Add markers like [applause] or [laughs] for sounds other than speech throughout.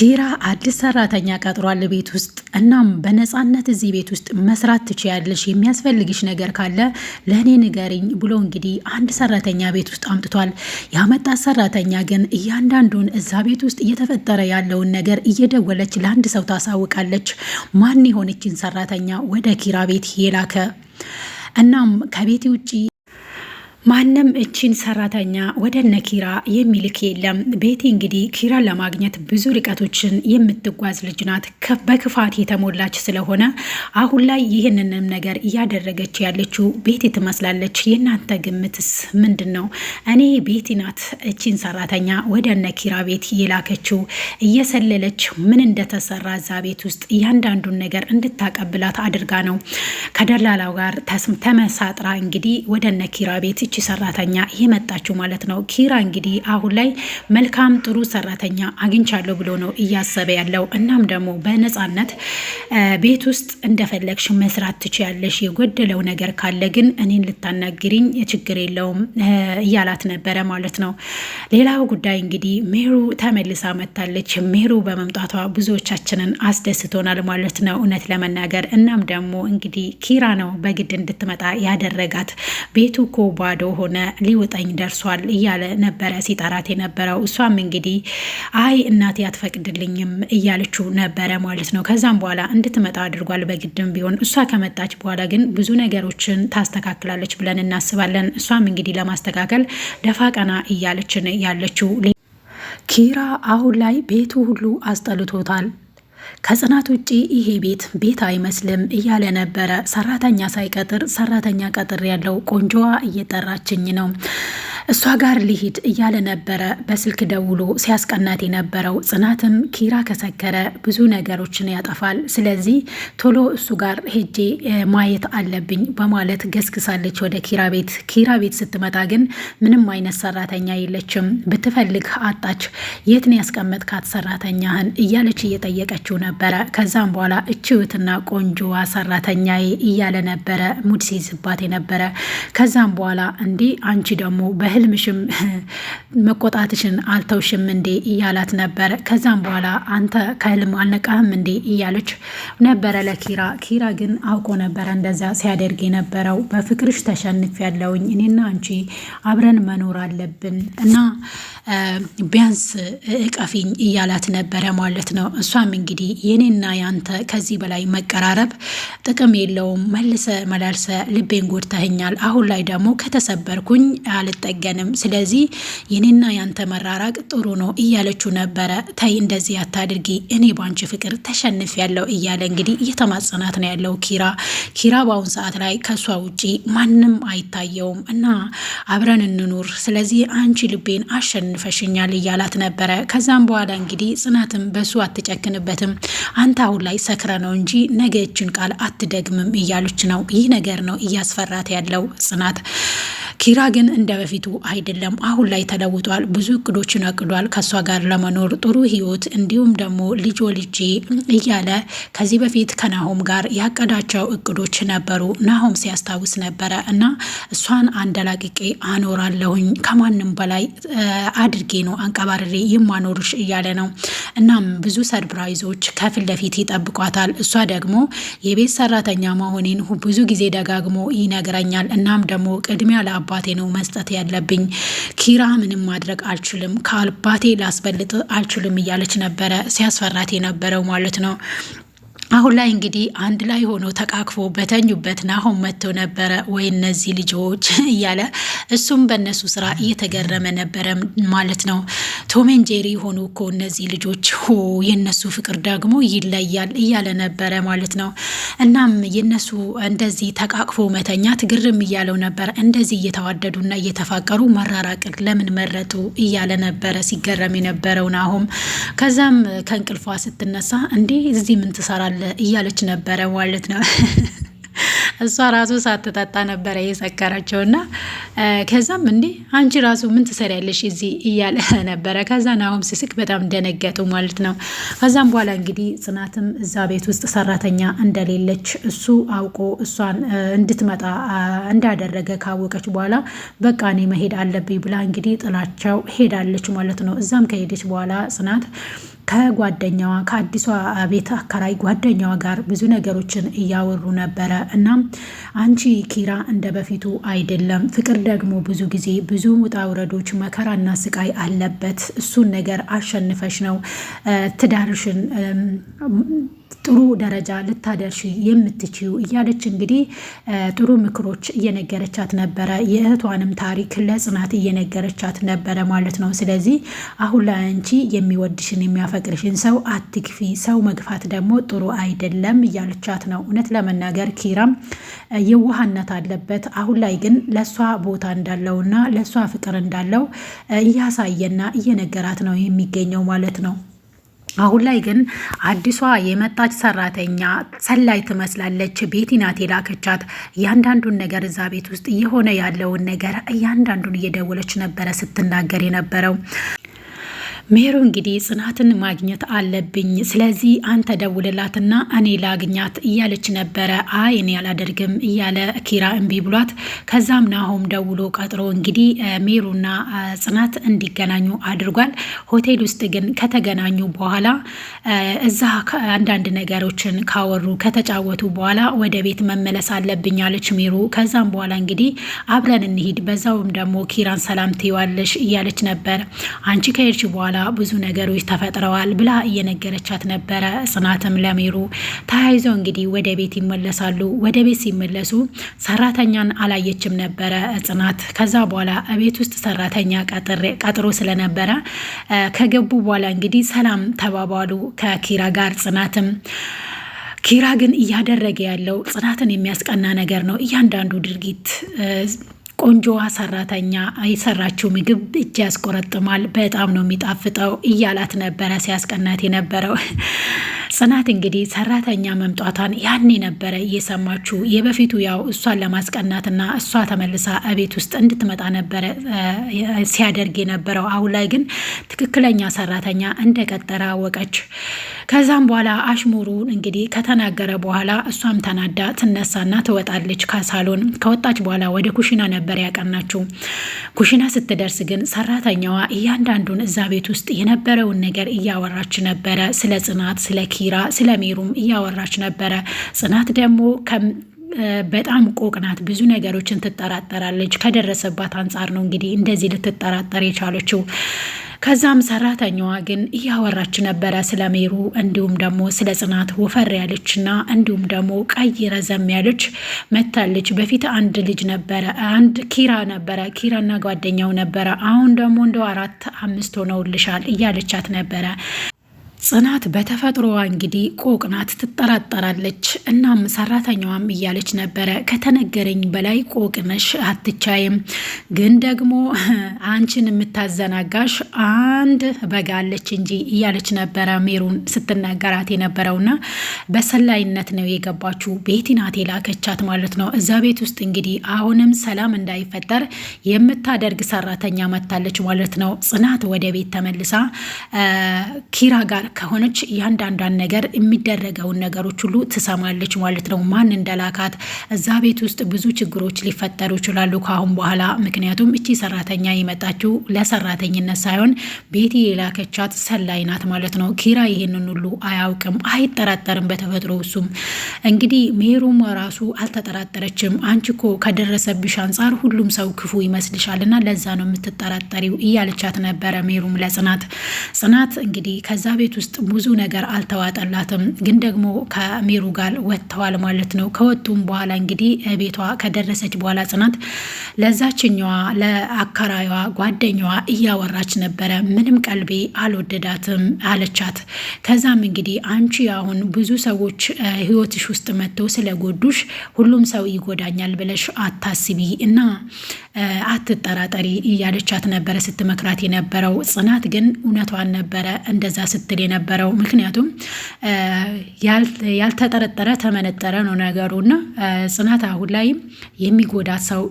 ኪራ አዲስ ሰራተኛ ቀጥሯል ቤት ውስጥ። እናም በነፃነት እዚህ ቤት ውስጥ መስራት ትችያለሽ፣ የሚያስፈልግሽ ነገር ካለ ለእኔ ንገሪኝ ብሎ እንግዲህ አንድ ሰራተኛ ቤት ውስጥ አምጥቷል። ያመጣት ሰራተኛ ግን እያንዳንዱን እዛ ቤት ውስጥ እየተፈጠረ ያለውን ነገር እየደወለች ለአንድ ሰው ታሳውቃለች። ማን የሆነችን ሰራተኛ ወደ ኪራ ቤት የላከ እናም ከቤት ውጭ ማንም እችን ሰራተኛ ወደ እነ ኪራ የሚልክ የለም። ቤቲ እንግዲህ ኪራን ለማግኘት ብዙ ርቀቶችን የምትጓዝ ልጅ ናት። በክፋት የተሞላች ስለሆነ አሁን ላይ ይህንንም ነገር እያደረገች ያለችው ቤቲ ትመስላለች። የእናንተ ግምትስ ምንድን ነው? እኔ ቤቲ ናት እችን ሰራተኛ ወደ እነ ኪራ ቤት የላከችው እየሰለለች ምን እንደተሰራ እዛ ቤት ውስጥ እያንዳንዱን ነገር እንድታቀብላት አድርጋ ነው። ከደላላው ጋር ተመሳጥራ እንግዲህ ወደ እነ ኪራ ቤት ሰራተኛ የመጣችው ማለት ነው። ኪራ እንግዲህ አሁን ላይ መልካም ጥሩ ሰራተኛ አግኝቻለሁ ብሎ ነው እያሰበ ያለው። እናም ደግሞ በነፃነት ቤት ውስጥ እንደፈለግሽ መስራት ትችያለሽ፣ የጎደለው ነገር ካለ ግን እኔን ልታናግሪኝ ችግር የለውም እያላት ነበረ ማለት ነው። ሌላው ጉዳይ እንግዲህ ሜሩ ተመልሳ መታለች። ሜሩ በመምጣቷ ብዙዎቻችንን አስደስቶናል ማለት ነው እውነት ለመናገር እናም ደግሞ እንግዲህ ኪራ ነው በግድ እንድትመጣ ያደረጋት። ቤቱ እኮ ባዶ ጊዜው ሆነ ሊውጠኝ ደርሷል እያለ ነበረ ሲጠራት የነበረው። እሷም እንግዲህ አይ እናቴ አትፈቅድልኝም እያለችው ነበረ ማለት ነው። ከዛም በኋላ እንድትመጣ አድርጓል በግድም ቢሆን። እሷ ከመጣች በኋላ ግን ብዙ ነገሮችን ታስተካክላለች ብለን እናስባለን። እሷም እንግዲህ ለማስተካከል ደፋ ቀና እያለችን ያለችው ኪራ አሁን ላይ ቤቱ ሁሉ አስጠልቶታል። ከጽናት ውጪ ይሄ ቤት ቤት አይመስልም እያለ ነበረ። ሰራተኛ ሳይቀጥር ሰራተኛ ቀጥር ያለው ቆንጆዋ እየጠራችኝ ነው እሷ ጋር ሊሂድ እያለ ነበረ በስልክ ደውሎ ሲያስቀናት የነበረው። ጽናትም ኪራ ከሰከረ ብዙ ነገሮችን ያጠፋል፣ ስለዚህ ቶሎ እሱ ጋር ሄጄ ማየት አለብኝ በማለት ገስግሳለች ወደ ኪራ ቤት። ኪራ ቤት ስትመጣ ግን ምንም አይነት ሰራተኛ የለችም፣ ብትፈልግ አጣች። የትን ያስቀመጥካት ሰራተኛህን እያለች እየጠየቀችው ነበረ። ከዛም በኋላ እችውትና ቆንጆዋ ሰራተኛዬ እያለ ነበረ ሙድ ሲይዝባት የነበረ ከዛም በኋላ እንዲህ አንቺ ደግሞ በህ ከህልምሽም [laughs] መቆጣትሽን አልተውሽም እንዴ እያላት ነበረ። ከዛም በኋላ አንተ ከህልም አልነቃህም እንዴ እያለች ነበረ ለኪራ። ኪራ ግን አውቆ ነበረ እንደዛ ሲያደርግ የነበረው። በፍቅርሽ ተሸንፍ ያለውኝ እኔና አንቺ አብረን መኖር አለብን እና ቢያንስ እቀፊኝ እያላት ነበረ ማለት ነው። እሷም እንግዲህ የኔና ያንተ ከዚህ በላይ መቀራረብ ጥቅም የለውም መልሰ መላልሰ ልቤን ጎድተህኛል። አሁን ላይ ደግሞ ከተሰበርኩኝ አልጠገ አያስፈልገንም። ስለዚህ የኔና ያንተ መራራቅ ጥሩ ነው እያለችው ነበረ። ተይ እንደዚህ አታድርጊ፣ እኔ ባንቺ ፍቅር ተሸንፍ ያለው እያለ እንግዲህ እየተማጸናት ነው ያለው ኪራ። ኪራ በአሁን ሰዓት ላይ ከእሷ ውጪ ማንም አይታየውም እና አብረን እንኑር፣ ስለዚህ አንቺ ልቤን አሸንፈሽኛል እያላት ነበረ። ከዛም በኋላ እንግዲህ ጽናትም በሱ አትጨክንበትም፣ አንተ አሁን ላይ ሰክረ ነው እንጂ ነገችን ቃል አትደግምም እያሉች ነው። ይህ ነገር ነው እያስፈራት ያለው ጽናት ኪራ ግን እንደ በፊቱ አይደለም። አሁን ላይ ተለውጧል። ብዙ እቅዶችን አቅዷል። ከእሷ ጋር ለመኖር ጥሩ ህይወት፣ እንዲሁም ደግሞ ልጅ ወልጄ እያለ ከዚህ በፊት ከናሆም ጋር ያቀዳቸው እቅዶች ነበሩ። ናሆም ሲያስታውስ ነበረ እና እሷን አንደላቅቄ አኖራለሁኝ ከማንም በላይ አድርጌ ነው አንቀባርሬ የማኖርሽ እያለ ነው። እናም ብዙ ሰርፕራይዞች ከፊት ለፊት ይጠብቋታል። እሷ ደግሞ የቤት ሰራተኛ መሆኔን ብዙ ጊዜ ደጋግሞ ይነግረኛል። እናም ደግሞ ቅድሚያ ለ? አባቴ ነው መስጠት ያለብኝ። ኪራ ምንም ማድረግ አልችልም፣ ከአባቴ ላስበልጥ አልችልም እያለች ነበረ ሲያስፈራት የነበረው ማለት ነው። አሁን ላይ እንግዲህ አንድ ላይ ሆኖ ተቃቅፎ በተኙበት ናሆም መጥቶ ነበረ ወይ እነዚህ ልጆች [laughs] እያለ እሱም በእነሱ ስራ እየተገረመ ነበረ ማለት ነው። ቶሜን ጄሪ ሆኑ እኮ እነዚህ ልጆች ሆ የነሱ ፍቅር ደግሞ ይለያል እያለ ነበረ ማለት ነው። እናም የነሱ እንደዚህ ተቃቅፎ መተኛት ግርም እያለው ነበረ። እንደዚህ እየተዋደዱና እየተፋቀሩ መራራቅ ለምን መረጡ እያለ ነበረ ሲገረም የነበረው ናሆም። ከዛም ከእንቅልፏ ስትነሳ እንዲህ እዚህ ምን ትሰራለች ይሆናል እያለች ነበረ ማለት ነው። [laughs] እሷ ራሱ ሳትጠጣ ነበረ የሰከረችው እና ከዛም እንዲህ አንቺ ራሱ ምን ትሰሪያለሽ እዚህ እያለ [laughs] ነበረ። ከዛ ናሆም ሲስቅ በጣም ደነገጡ ማለት ነው። ከዛም በኋላ እንግዲህ ጽናትም እዛ ቤት ውስጥ ሰራተኛ እንደሌለች እሱ አውቆ እሷን እንድትመጣ እንዳደረገ ካወቀች በኋላ በቃ እኔ መሄድ አለብኝ ብላ እንግዲህ ጥላቸው ሄዳለች ማለት ነው። እዛም ከሄደች በኋላ ጽናት ከጓደኛዋ ከአዲሷ ቤት አከራይ ጓደኛዋ ጋር ብዙ ነገሮችን እያወሩ ነበረ። እናም አንቺ ኪራ እንደ በፊቱ አይደለም፣ ፍቅር ደግሞ ብዙ ጊዜ ብዙ ውጣ ውረዶች፣ መከራና ስቃይ አለበት። እሱን ነገር አሸንፈሽ ነው ትዳርሽን ጥሩ ደረጃ ልታደርሽ የምትችዩ እያለች እንግዲህ ጥሩ ምክሮች እየነገረቻት ነበረ። የእህቷንም ታሪክ ለጽናት እየነገረቻት ነበረ ማለት ነው። ስለዚህ አሁን ላይ አንቺ የሚወድሽን የሚያፈቅርሽን ሰው አትግፊ፣ ሰው መግፋት ደግሞ ጥሩ አይደለም እያለቻት ነው። እውነት ለመናገር ኪራም የዋህነት አለበት። አሁን ላይ ግን ለእሷ ቦታ እንዳለውና ለእሷ ፍቅር እንዳለው እያሳየና እየነገራት ነው የሚገኘው ማለት ነው። አሁን ላይ ግን አዲሷ የመጣች ሰራተኛ ሰላይ ትመስላለች። ቤቲ ናት የላከቻት። እያንዳንዱን ነገር እዛ ቤት ውስጥ እየሆነ ያለውን ነገር እያንዳንዱን እየደወለች ነበረ ስትናገር የነበረው ሜሩ እንግዲህ ጽናትን ማግኘት አለብኝ፣ ስለዚህ አንተ ደውልላትና እኔ ላግኛት እያለች ነበረ። አይ እኔ አላደርግም እያለ ኪራ እምቢ ብሏት፣ ከዛም ናሆም ደውሎ ቀጥሮ እንግዲህ ሜሩና ጽናት እንዲገናኙ አድርጓል። ሆቴል ውስጥ ግን ከተገናኙ በኋላ እዛ አንዳንድ ነገሮችን ካወሩ ከተጫወቱ በኋላ ወደ ቤት መመለስ አለብኝ አለች ሜሩ። ከዛም በኋላ እንግዲህ አብረን እንሂድ፣ በዛውም ደግሞ ኪራን ሰላም ትይዋለሽ እያለች ነበር። አንቺ ከሄድሽ በኋላ በኋላ ብዙ ነገሮች ተፈጥረዋል ብላ እየነገረቻት ነበረ። ጽናትም ለሚሩ ተያይዘው እንግዲህ ወደ ቤት ይመለሳሉ። ወደ ቤት ሲመለሱ ሰራተኛን አላየችም ነበረ ጽናት። ከዛ በኋላ ቤት ውስጥ ሰራተኛ ቀጥሮ ስለነበረ ከገቡ በኋላ እንግዲህ ሰላም ተባባሉ ከኪራ ጋር ጽናትም ኪራ ግን እያደረገ ያለው ጽናትን የሚያስቀና ነገር ነው። እያንዳንዱ ድርጊት ቆንጆዋ ሰራተኛ የሰራችው ምግብ እጅ ያስቆረጥማል፣ በጣም ነው የሚጣፍጠው እያላት ነበረ ሲያስቀናት የነበረው። [laughs] ጽናት እንግዲህ ሰራተኛ መምጣቷን ያኔ ነበረ እየሰማችው የበፊቱ ያው እሷን ለማስቀናትና እሷ ተመልሳ እቤት ውስጥ እንድትመጣ ነበረ ሲያደርግ የነበረው። አሁን ላይ ግን ትክክለኛ ሰራተኛ እንደቀጠረ አወቀች። ከዛም በኋላ አሽሙሩን እንግዲህ ከተናገረ በኋላ እሷም ተናዳ ትነሳና ትወጣለች ከሳሎን። ከወጣች በኋላ ወደ ኩሽና ነበር ነበር ያቀናችው። ኩሽና ስትደርስ ግን ሰራተኛዋ እያንዳንዱን እዛ ቤት ውስጥ የነበረውን ነገር እያወራች ነበረ። ስለ ጽናት፣ ስለ ኪራ፣ ስለ ሜሩም እያወራች ነበረ። ጽናት ደግሞ በጣም ቆቅናት ብዙ ነገሮችን ትጠራጠራለች። ከደረሰባት አንጻር ነው እንግዲህ እንደዚህ ልትጠራጠር የቻለችው። ከዛም ሰራተኛዋ ግን እያወራች ነበረ ስለ ሜሩ እንዲሁም ደግሞ ስለ ጽናት ወፈር ያለችና እንዲሁም ደግሞ ቀይ ረዘም ያለች መታለች። በፊት አንድ ልጅ ነበረ አንድ ኪራ ነበረ ኪራና ጓደኛው ነበረ። አሁን ደግሞ እንደው አራት አምስት ሆነውልሻል እያለቻት ነበረ ጽናት በተፈጥሮዋ እንግዲህ ቆቅናት ትጠራጠራለች። እናም ሰራተኛዋም እያለች ነበረ ከተነገረኝ በላይ ቆቅነሽ አትቻይም፣ ግን ደግሞ [laughs] አንቺን የምታዘናጋሽ አንድ በጋለች እንጂ እያለች ነበረ ሜሩን ስትነገራት የነበረውና በሰላይነት ነው የገባችው። ቤቲ ናት የላከቻት ማለት ነው። እዛ ቤት ውስጥ እንግዲህ አሁንም ሰላም እንዳይፈጠር የምታደርግ ሰራተኛ መታለች ማለት ነው። ጽናት ወደ ቤት ተመልሳ ኪራ ጋር ከሆነች እያንዳንዷን ነገር የሚደረገውን ነገሮች ሁሉ ትሰማለች ማለት ነው። ማን እንደላካት እዛ ቤት ውስጥ ብዙ ችግሮች ሊፈጠሩ ይችላሉ ከአሁን በኋላ ምክንያቱም እቺ ሰራተኛ የመጣችው ለሰራተኝነት ሳይሆን ቤቲ የላከቻት ሰላይ ናት ማለት ነው። ኪራ ይህንን ሁሉ አያውቅም፣ አይጠራጠርም በተፈጥሮ እሱም እንግዲህ ሜሩም ራሱ አልተጠራጠረችም። አንቺ እኮ ከደረሰብሽ አንጻር ሁሉም ሰው ክፉ ይመስልሻል እና ለዛ ነው የምትጠራጠሪው እያለቻት ነበረ ሜሩም ለጽናት ጽናት እንግዲህ ከዛ ቤት ውስጥ ብዙ ነገር አልተዋጠላትም። ግን ደግሞ ከሚሩ ጋር ወጥተዋል ማለት ነው። ከወጡም በኋላ እንግዲህ ቤቷ ከደረሰች በኋላ ጽናት ለዛችኛዋ ለአከራይዋ ጓደኛዋ እያወራች ነበረ። ምንም ቀልቤ አልወደዳትም አለቻት። ከዛም እንግዲህ አንቺ አሁን ብዙ ሰዎች ህይወትሽ ውስጥ መጥተው ስለጎዱሽ ሁሉም ሰው ይጎዳኛል ብለሽ አታስቢ እና አትጠራጠሪ እያለቻት ነበረ ስትመክራት የነበረው። ጽናት ግን እውነቷን ነበረ እንደዛ ስትል የነበረው። ምክንያቱም ያልተጠረጠረ ተመነጠረ ነው ነገሩ እና ጽናት አሁን ላይም የሚጎዳት ሰው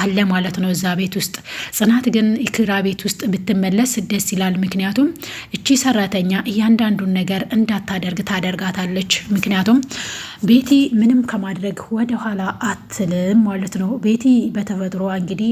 አለ ማለት ነው እዛ ቤት ውስጥ። ጽናት ግን ኪራ ቤት ውስጥ ብትመለስ ደስ ይላል። ምክንያቱም እቺ ሰራተኛ እያንዳንዱን ነገር እንዳታደርግ ታደርጋታለች። ምክንያቱም ቤቲ ምንም ከማድረግ ወደኋላ አትልም ማለት ነው። ቤቲ በተፈጥሮ እንግዲህ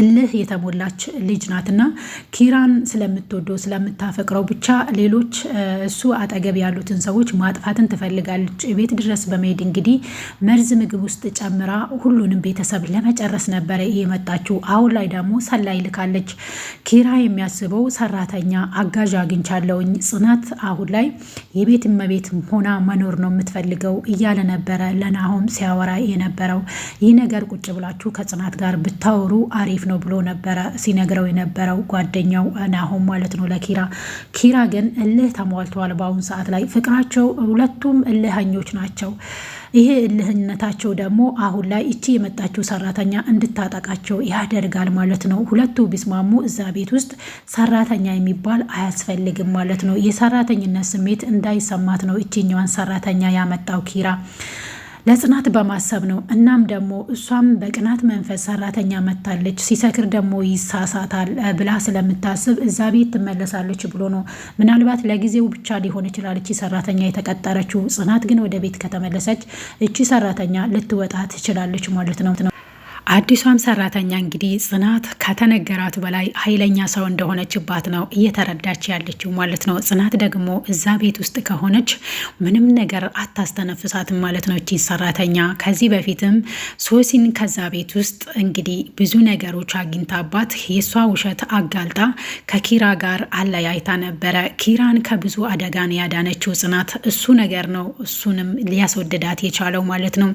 እልህ የተሞላች ልጅ ናትና ኪራን ስለምትወደው ስለምታፈቅረው ብቻ ሌሎች እሱ አጠገብ ያሉትን ሰዎች ማጥፋትን ትፈልጋለች። ቤት ድረስ በመሄድ እንግዲህ መርዝ ምግብ ውስጥ ጨምራ ሁሉንም ቤተሰብ ለመጨረስ ነበረ የመጣችው። አሁን ላይ ደግሞ ሰላይ ልካለች። ኪራ የሚያስበው ሰራተኛ አጋዥ አግኝቻለውኝ፣ ጽናት አሁን ላይ የቤት እመቤት ሆና መኖር ነው የምትፈልገው እያለ ነበረ ለናሆም ሲያወራ የነበረው። ይህ ነገር ቁጭ ብላችሁ ከጽናት ጋር ብታወሩ አሪፍ አሪፍ ነው ብሎ ነበረ ሲነግረው የነበረው ጓደኛው ናሆም ማለት ነው ለኪራ። ኪራ ግን እልህ ተሟልተዋል በአሁኑ ሰዓት ላይ ፍቅራቸው፣ ሁለቱም እልህኞች ናቸው። ይሄ እልህነታቸው ደግሞ አሁን ላይ እቺ የመጣችው ሰራተኛ እንድታጠቃቸው ያደርጋል ማለት ነው። ሁለቱ ቢስማሙ እዛ ቤት ውስጥ ሰራተኛ የሚባል አያስፈልግም ማለት ነው። የሰራተኝነት ስሜት እንዳይሰማት ነው እቺኛዋን ሰራተኛ ያመጣው ኪራ። ለጽናት በማሰብ ነው። እናም ደግሞ እሷም በቅናት መንፈስ ሰራተኛ መታለች፣ ሲሰክር ደግሞ ይሳሳታል ብላ ስለምታስብ እዛ ቤት ትመለሳለች ብሎ ነው። ምናልባት ለጊዜው ብቻ ሊሆን ይችላል እቺ ሰራተኛ የተቀጠረችው። ጽናት ግን ወደ ቤት ከተመለሰች እቺ ሰራተኛ ልትወጣ ትችላለች ማለት ነው። አዲሷም ሰራተኛ እንግዲህ ጽናት ከተነገራት በላይ ኃይለኛ ሰው እንደሆነችባት ነው እየተረዳች ያለችው ማለት ነው። ጽናት ደግሞ እዛ ቤት ውስጥ ከሆነች ምንም ነገር አታስተነፍሳትም ማለት ነው እቺን ሰራተኛ። ከዚህ በፊትም ሶሲን ከዛ ቤት ውስጥ እንግዲህ ብዙ ነገሮች አግኝታባት የእሷ ውሸት አጋልጣ ከኪራ ጋር አለያይታ ነበረ። ኪራን ከብዙ አደጋን ያዳነችው ጽናት እሱ ነገር ነው እሱንም ሊያስወድዳት የቻለው ማለት ነው።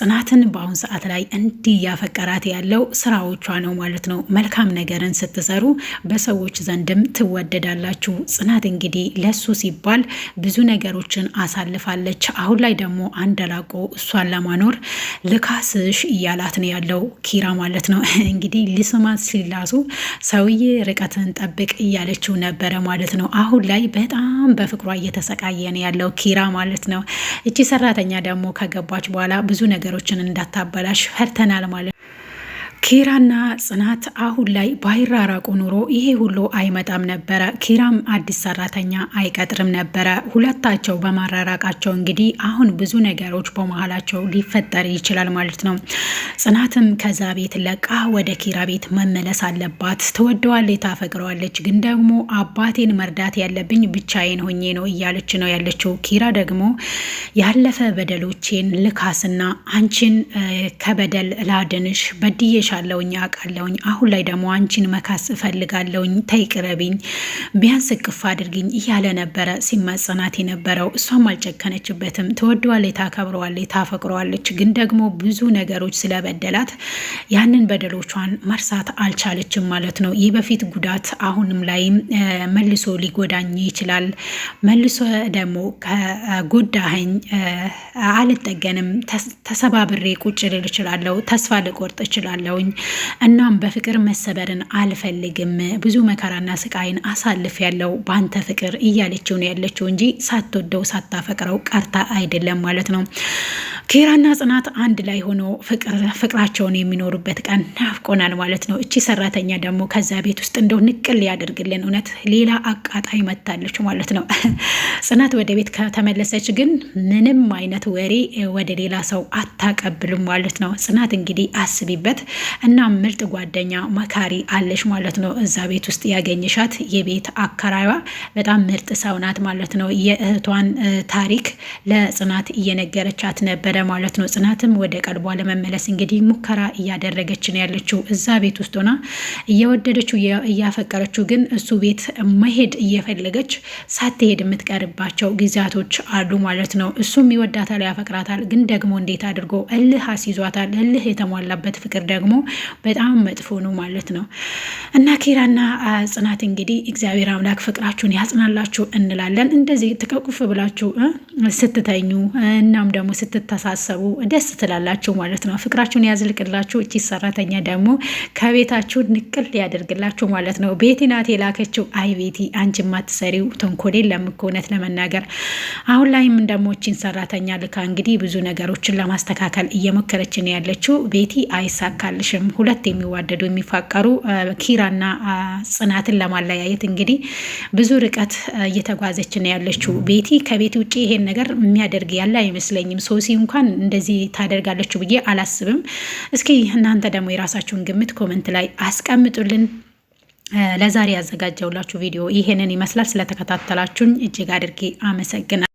ጽናትን በአሁን ሰዓት ላይ እንዲህ እያፈቀራት ያለው ስራዎቿ ነው ማለት ነው። መልካም ነገርን ስትሰሩ በሰዎች ዘንድም ትወደዳላችሁ። ጽናት እንግዲህ ለሱ ሲባል ብዙ ነገሮችን አሳልፋለች። አሁን ላይ ደግሞ አንድ ላቆ እሷን ለማኖር ልካስሽ እያላት ነው ያለው ኪራ ማለት ነው። [laughs] እንግዲህ ሊስማት ሲላሱ ሰውዬ ርቀትን ጠብቅ እያለችው ነበረ ማለት ነው። አሁን ላይ በጣም በፍቅሯ እየተሰቃየ ነው ያለው ኪራ ማለት ነው። እቺ ሰራተኛ ደግሞ ከገባች በኋላ ብዙ ነገሮችን እንዳታበላሽ ፈርተናል ማለት ነው። ኪራና ጽናት አሁን ላይ ባይራራቁ ኑሮ ይሄ ሁሉ አይመጣም ነበረ። ኪራም አዲስ ሰራተኛ አይቀጥርም ነበረ። ሁለታቸው በማራራቃቸው እንግዲህ አሁን ብዙ ነገሮች በመሀላቸው ሊፈጠር ይችላል ማለት ነው። ጽናትም ከዛ ቤት ለቃ ወደ ኪራ ቤት መመለስ አለባት። ትወደዋለች፣ ታፈቅረዋለች። ግን ደግሞ አባቴን መርዳት ያለብኝ ብቻዬን ሆኜ ነው እያለች ነው ያለችው። ኪራ ደግሞ ያለፈ በደሎቼን ልካስና አንቺን ከበደል ላድንሽ በድዬሽ እወድሻለሁኝ አውቃለሁኝ። አሁን ላይ ደግሞ አንቺን መካስ እፈልጋለውኝ። ተይቅረቢኝ፣ ቢያንስ እቅፍ አድርግኝ እያለ ነበረ ሲማጸናት የነበረው። እሷም አልጨከነችበትም። ትወደዋለች፣ ታከብረዋለች፣ ታፈቅረዋለች። ግን ደግሞ ብዙ ነገሮች ስለበደላት ያንን በደሎቿን መርሳት አልቻለችም ማለት ነው። ይህ በፊት ጉዳት አሁንም ላይ መልሶ ሊጎዳኝ ይችላል። መልሶ ደግሞ ከጎዳኸኝ አልጠገንም፣ ተሰባብሬ ቁጭ ልል እችላለሁ፣ ተስፋ ልቆርጥ እችላለሁ ያለውኝ። እናም በፍቅር መሰበርን አልፈልግም ብዙ መከራና ስቃይን አሳልፍ ያለው በአንተ ፍቅር እያለችው ነው ያለችው እንጂ ሳትወደው ሳታፈቅረው ቀርታ አይደለም ማለት ነው። ኪራና ጽናት አንድ ላይ ሆኖ ፍቅራቸውን የሚኖሩበት ቀን ናፍቆናል ማለት ነው። እቺ ሰራተኛ ደግሞ ከዛ ቤት ውስጥ እንደው ንቅል ያደርግልን። እውነት ሌላ አቃጣይ መታለች ማለት ነው። [laughs] ጽናት ወደ ቤት ከተመለሰች ግን ምንም አይነት ወሬ ወደ ሌላ ሰው አታቀብልም ማለት ነው። ጽናት እንግዲህ አስቢበት እና ምርጥ ጓደኛ መካሪ አለች ማለት ነው። እዛ ቤት ውስጥ ያገኘሻት የቤት አከራይዋ በጣም ምርጥ ሰው ናት ማለት ነው። የእህቷን ታሪክ ለጽናት እየነገረቻት ነበረ። ማለት ነው። ጽናትም ወደ ቀልቧ ለመመለስ እንግዲህ ሙከራ እያደረገች ነው ያለችው እዛ ቤት ውስጥ ሆና እየወደደችው እያፈቀረችው፣ ግን እሱ ቤት መሄድ እየፈለገች ሳትሄድ የምትቀርባቸው ጊዜያቶች አሉ ማለት ነው። እሱም ይወዳታል፣ ያፈቅራታል። ግን ደግሞ እንዴት አድርጎ እልህ አስይዟታል። እልህ የተሟላበት ፍቅር ደግሞ በጣም መጥፎ ነው ማለት ነው። እና ኪራና ጽናት እንግዲህ እግዚአብሔር አምላክ ፍቅራችሁን ያጽናላችሁ እንላለን። እንደዚህ ትቀቁፍ ብላችሁ ስትተኙ እናም ደግሞ ስትተሳ ስትሳሰቡ ደስ ትላላችሁ ማለት ነው። ፍቅራችሁን ያዝልቅላችሁ። እቺ ሰራተኛ ደግሞ ከቤታችሁ ንቅል ያደርግላችሁ ማለት ነው። ቤቲ ናት የላከችው። አይ ቤቲ አንቺ የማትሰሪው ተንኮሌን ለምኮነት ለመናገር አሁን ላይም ደግሞ እቺን ሰራተኛ ልካ እንግዲህ ብዙ ነገሮችን ለማስተካከል እየሞከረች ነው ያለችው። ቤቲ አይሳካልሽም። ሁለት የሚዋደዱ የሚፋቀሩ ኪራና ጽናትን ለማለያየት እንግዲህ ብዙ ርቀት እየተጓዘች ነው ያለችው ቤቲ። ከቤት ውጭ ይሄን ነገር የሚያደርግ ያለ አይመስለኝም። ሶሲ እንኳ እንኳን እንደዚህ ታደርጋለችው ብዬ አላስብም። እስኪ እናንተ ደግሞ የራሳችሁን ግምት ኮመንት ላይ አስቀምጡልን። ለዛሬ ያዘጋጀውላችሁ ቪዲዮ ይሄንን ይመስላል። ስለተከታተላችሁኝ እጅግ አድርጌ አመሰግናል።